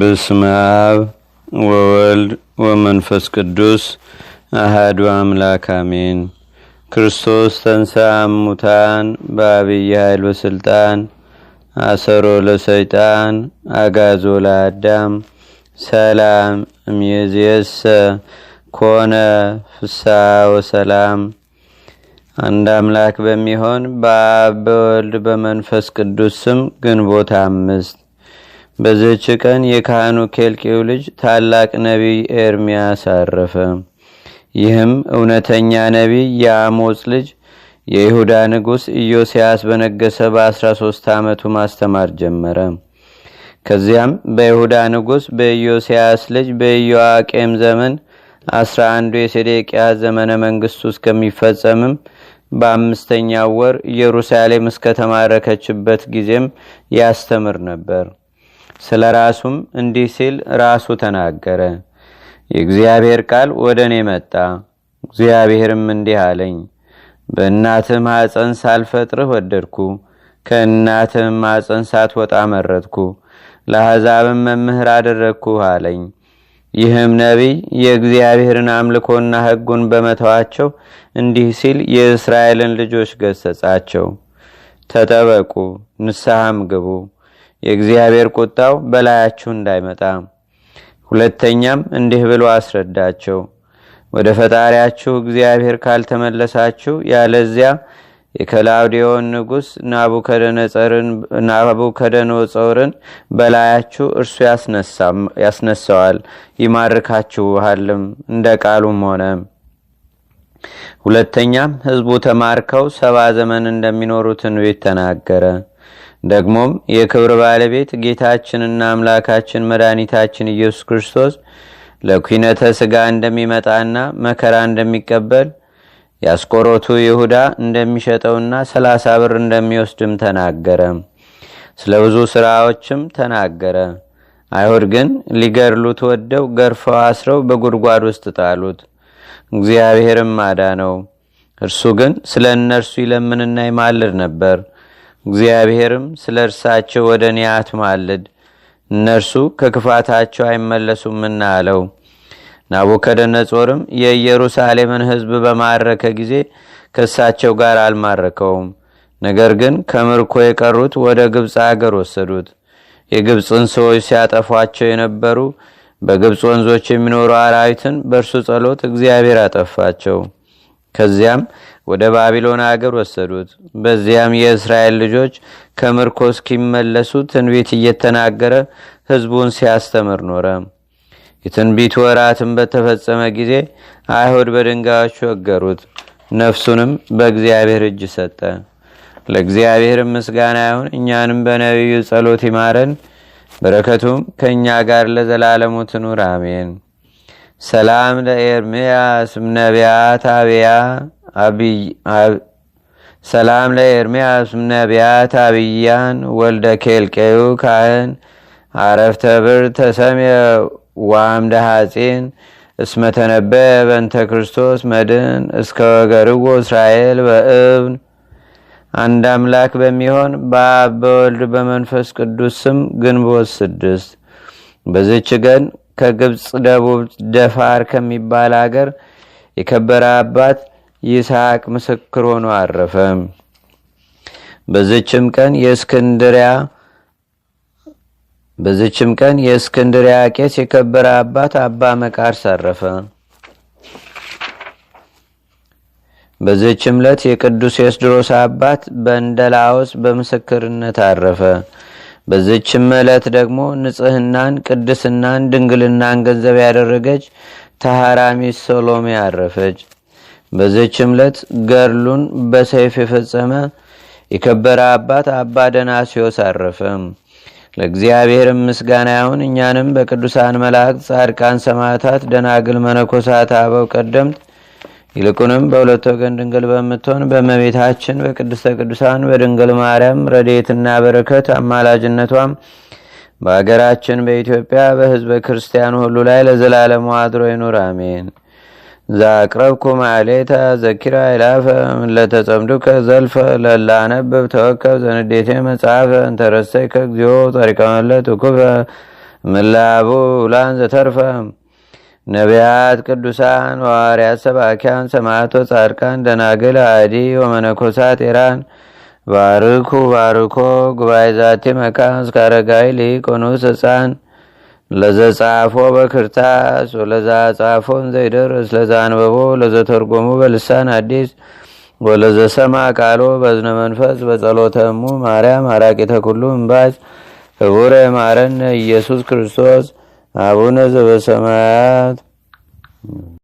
በስመ አብ ወወልድ ወመንፈስ ቅዱስ አህዱ አምላክ አሜን። ክርስቶስ ተንሳ ሙታን በአብይ ኃይል በስልጣን አሰሮ ለሰይጣን አጋዞ ለአዳም ሰላም እምየዝየሰ ኮነ ፍሳ ወሰላም። አንድ አምላክ በሚሆን በአብ በወልድ በመንፈስ ቅዱስ ስም ግንቦት አምስት በዘች ቀን የካህኑ ኬልቄው ልጅ ታላቅ ነቢይ ኤርሚያስ አረፈ። ይህም እውነተኛ ነቢይ የአሞፅ ልጅ የይሁዳ ንጉሥ ኢዮስያስ በነገሰ በ13 ዓመቱ ማስተማር ጀመረ። ከዚያም በይሁዳ ንጉሥ በኢዮስያስ ልጅ በኢዮአቄም ዘመን 11ዱ የሴዴቅያ ዘመነ መንግሥቱ እስከሚፈጸምም በአምስተኛው ወር ኢየሩሳሌም እስከተማረከችበት ጊዜም ያስተምር ነበር። ስለ ራሱም እንዲህ ሲል ራሱ ተናገረ። የእግዚአብሔር ቃል ወደ እኔ መጣ፣ እግዚአብሔርም እንዲህ አለኝ፣ በእናትህ ማፀን ሳልፈጥርህ ወደድኩ፣ ከእናትህም ማፀን ሳትወጣ መረጥኩ፣ ለአሕዛብም መምህር አደረግኩ አለኝ። ይህም ነቢይ የእግዚአብሔርን አምልኮና ህጉን በመተዋቸው እንዲህ ሲል የእስራኤልን ልጆች ገሰጻቸው። ተጠበቁ፣ ንስሐም ግቡ የእግዚአብሔር ቁጣው በላያችሁ እንዳይመጣ። ሁለተኛም እንዲህ ብሎ አስረዳቸው፣ ወደ ፈጣሪያችሁ እግዚአብሔር ካልተመለሳችሁ ያለዚያ የከላውዲዮን ንጉሥ ናቡከደነጾርን በላያችሁ እርሱ ያስነሳዋል፣ ይማርካችኋልም። እንደ ቃሉም ሆነ። ሁለተኛም ህዝቡ ተማርከው ሰባ ዘመን እንደሚኖሩትን ቤት ተናገረ። ደግሞም የክብር ባለቤት ጌታችንና አምላካችን መድኃኒታችን ኢየሱስ ክርስቶስ ለኩነተ ሥጋ እንደሚመጣና መከራ እንደሚቀበል ያስቆሮቱ ይሁዳ እንደሚሸጠውና ሰላሳ ብር እንደሚወስድም ተናገረ። ስለ ብዙ ሥራዎችም ተናገረ። አይሁድ ግን ሊገድሉት ወደው ገርፈው አስረው በጉድጓድ ውስጥ ጣሉት። እግዚአብሔርም ነው እርሱ ግን ስለ እነርሱ ይለምንና ይማልድ ነበር። እግዚአብሔርም ስለ እርሳቸው ወደ እኔ አትማልድ፣ እነርሱ ከክፋታቸው አይመለሱምና አለው። ናቡከደነጾርም የኢየሩሳሌምን ህዝብ በማረከ ጊዜ ከእሳቸው ጋር አልማረከውም። ነገር ግን ከምርኮ የቀሩት ወደ ግብፅ አገር ወሰዱት። የግብፅን ሰዎች ሲያጠፏቸው የነበሩ በግብፅ ወንዞች የሚኖሩ አራዊትን በእርሱ ጸሎት እግዚአብሔር አጠፋቸው። ከዚያም ወደ ባቢሎን አገር ወሰዱት። በዚያም የእስራኤል ልጆች ከምርኮ እስኪመለሱ ትንቢት እየተናገረ ህዝቡን ሲያስተምር ኖረ። የትንቢቱ ወራትም በተፈጸመ ጊዜ አይሁድ በድንጋዮች ወገሩት፣ ነፍሱንም በእግዚአብሔር እጅ ሰጠ። ለእግዚአብሔር ምስጋና ይሁን፣ እኛንም በነቢዩ ጸሎት ይማረን፣ በረከቱም ከእኛ ጋር ለዘላለሙ ትኑር አሜን። ሰላም ለኤርምያስ እምነቢያት አብያ ሰላም ለኤርምያስ እምነቢያት አብያን ወልደ ኬልቄዩ ካህን አረፍተ ብር ተሰምየ ዋምደ ሐፂን እስመተነበየ በእንተ ክርስቶስ መድን እስከ ወገርዎ እስራኤል በእብን አንድ አምላክ በሚሆን በአብ በወልድ በመንፈስ ቅዱስ ስም ግንቦት ስድስት በዝች ቀን ከግብፅ ደቡብ ደፋር ከሚባል አገር የከበረ አባት ይስሐቅ ምስክር ሆኖ አረፈ። በዝችም ቀን የእስክንድሪያ በዝችም ቀን የእስክንድሪያ ቄስ የከበረ አባት አባ መቃርስ አረፈ። በዝችም ዕለት የቅዱስ የስድሮስ አባት በእንደላውስ በምስክርነት አረፈ። በዚችም ዕለት ደግሞ ንጽህናን፣ ቅድስናን፣ ድንግልናን ገንዘብ ያደረገች ተሃራሚ ሰሎሜ አረፈች። በዚችም ዕለት ገርሉን በሰይፍ የፈጸመ የከበረ አባት አባ ደናሲዮስ አረፈ። ለእግዚአብሔር ምስጋና ያሁን እኛንም በቅዱሳን መላእክት፣ ጻድቃን፣ ሰማዕታት፣ ደናግል፣ መነኮሳት፣ አበው ቀደምት ይልቁንም በሁለት ወገን ድንግል በምትሆን በመቤታችን በቅድስተ ቅዱሳን በድንግል ማርያም ረዴትና በረከት አማላጅነቷም በአገራችን በኢትዮጵያ በህዝበ ክርስቲያኑ ሁሉ ላይ ለዘላለሙ አድሮ ይኑር፣ አሜን። ዛቅረብኩ ማሌታ ዘኪራ ይላፈ ለተጸምዱከ ዘልፈ ለላነብብ ተወከብ ዘንዴቴ መጽሐፈ እንተረሰይከ እግዚኦ ጸሪቀመለት ኩፈ ምላቡ ላን ዘተርፈም ነቢያት፣ ቅዱሳን፣ ሐዋርያት፣ ሰባኪያን፣ ሰማዕታት፣ ጻድቃን፣ ደናግል፣ አዲ ወመነኮሳት ኢራን ባርኩ ባርኮ ጉባኤ ዛቲ መካን እስከ ሊቆኑስ ህፃን ለዘጻፎ በክርታስ ወለዛ ጻፎን ዘይደርስ ለዛ አንበቦ ለዘተርጎሙ በልሳን አዲስ ወለዘሰማ ቃሎ በዝነ መንፈስ በጸሎተሙ ማርያም አራቂተ ኩሉ እምባጭ ህቡረ ማረነ ኢየሱስ ክርስቶስ አቡነ ዘበሰማያት